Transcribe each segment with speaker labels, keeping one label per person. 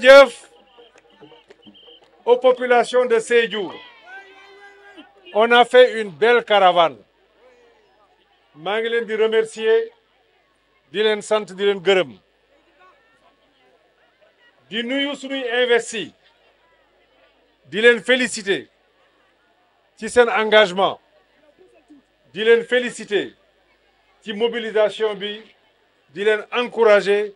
Speaker 1: Jeff aux populations de Séjour. on a fait une belle caravane Manglen di remercier di len sante, di len gërëm di nuyu suñu investi di len féliciter ci un engagement di len féliciter ci mobilisation bi di encourager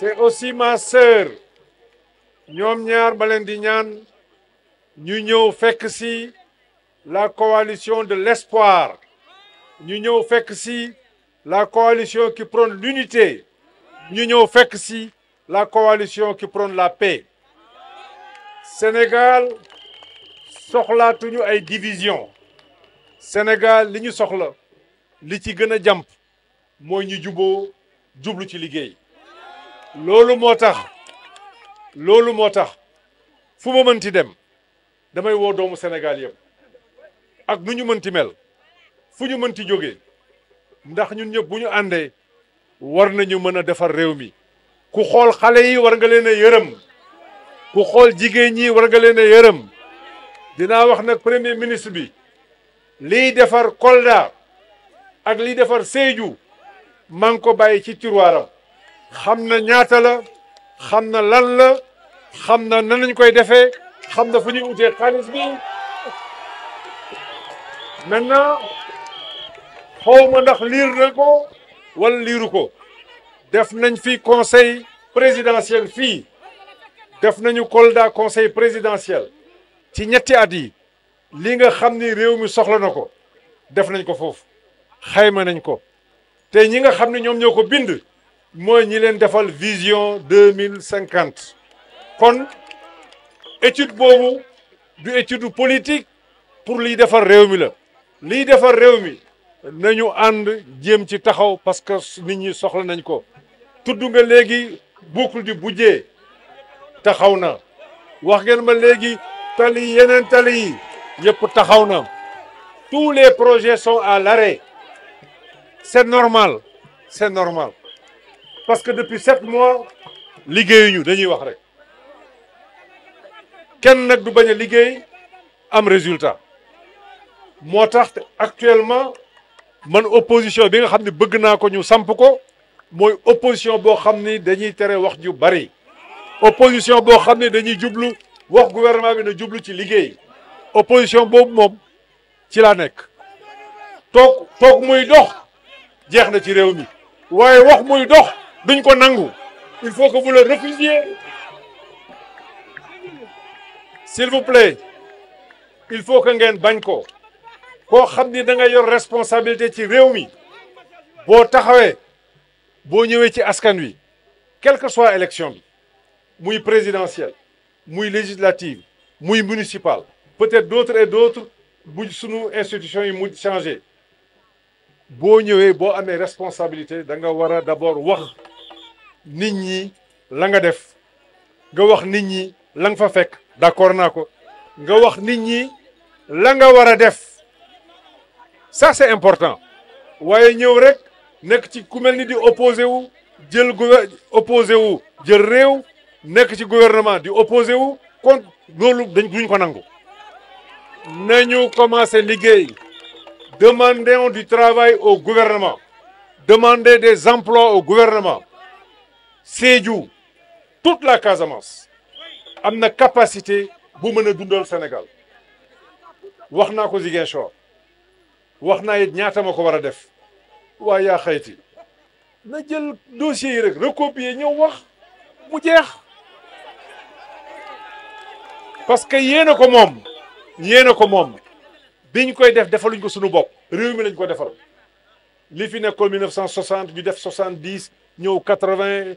Speaker 1: c'est aussi ma sœur Nyomnyar ñaar ba nous la coalition de l'espoir Nous ñëw la coalition qui prend l'unité Nous ñëw la coalition qui prend la paix Sénégal nous ay division Sénégal nous ñu soxla li ci gën a jàmp loolu moo tax loolu moo tax fu ma mënti dem damay woo doomu Sénégal yëpp ak nu ñu mënti mel fu ñu mënti jóge ndax ñun ñëpp bu ñu àndee war nañu mën a defar réew mi ku xool xale yi war nga leen a yërëm ku xool jigéen ñi war nga leen yërëm dinaa wax nag premier ministre bi liy defar Kolda ak liy defar Sédhiou maa ngi ko bàyyi ci tiroiram xam na ñaata la xam na lan la xam na nan lañ koy defee xam na fu ñuy utee xaalis bi maintenant xaw ndax liir na ko wala liiru ko def nañ fi conseil présidentiel fii def nañu Kolda conseil présidentiel ci ñetti at yi li nga xam ni réew mi soxla na ko def nañ ko foofu xayma nañ ko te ñi nga xam ne ñoom ñoo ko bind moy ñi leen defal vision 2050. kon étude bobu du étude politique pour li défar réew mi la li défar réew mi nañu and jëm ci taxaw parce que nit ñi soxla nañ ko monde nga légui boucle du budget taxaw na wax ngeen ma légui tali yenen tali yëpp taxaw tous les projets sont à l'arrêt c'est normal c'est normal parce que depuis sept mois liggéeyuñu dañuy wax rek kenn nag du bañ a am résultat Moi actuellement man opposition bi nga xam ne bëgg ko ñu samp ko opposition bo xam ni dañuy tere wax ju bari opposition bo xam ne dañuy jublu wax gouvernement bi ne jublu ci liggéey opposition boobu mom ci la nek tok tok muy dox jeex na ci réew mi waaye wax muy dox nangu il faut que vous le refusiez s'il vous plaît il faut que vous bañ ko koo xamni que da nga yor responsabilité ci réew mi boo bo ci quelle que soit élection présidentielle muy législative municipale peut-être d'autres et d'autres bu sunu institution yi mu changé Bo ñëwé bo amé responsabilité da nga d'abord wax nit ñi la nga def nga wax nit la nga fa d'accord naa ko nga wax nit la nga def ça c'est important waaye ñëw rek nekk ci ku mel di opposé wu jël gouver opposé wu jël réew nekk ci gouvernement di opposé wu kon loolu dañ duñ ko nangu nañu commencé liggéey du travail au gouvernement Demandez des emplois au gouvernement tout. toute la Casamance a la capacité bu mener Sénégal wax ko Ziguinchor ñaata mako wara def wa ya na jël dossier rek recopier wax jeex parce que yéen a ko mom ko biñ koy def defaluñ ko suñu mi lañ ko li fi 1960 ñu def 70 ñëw 80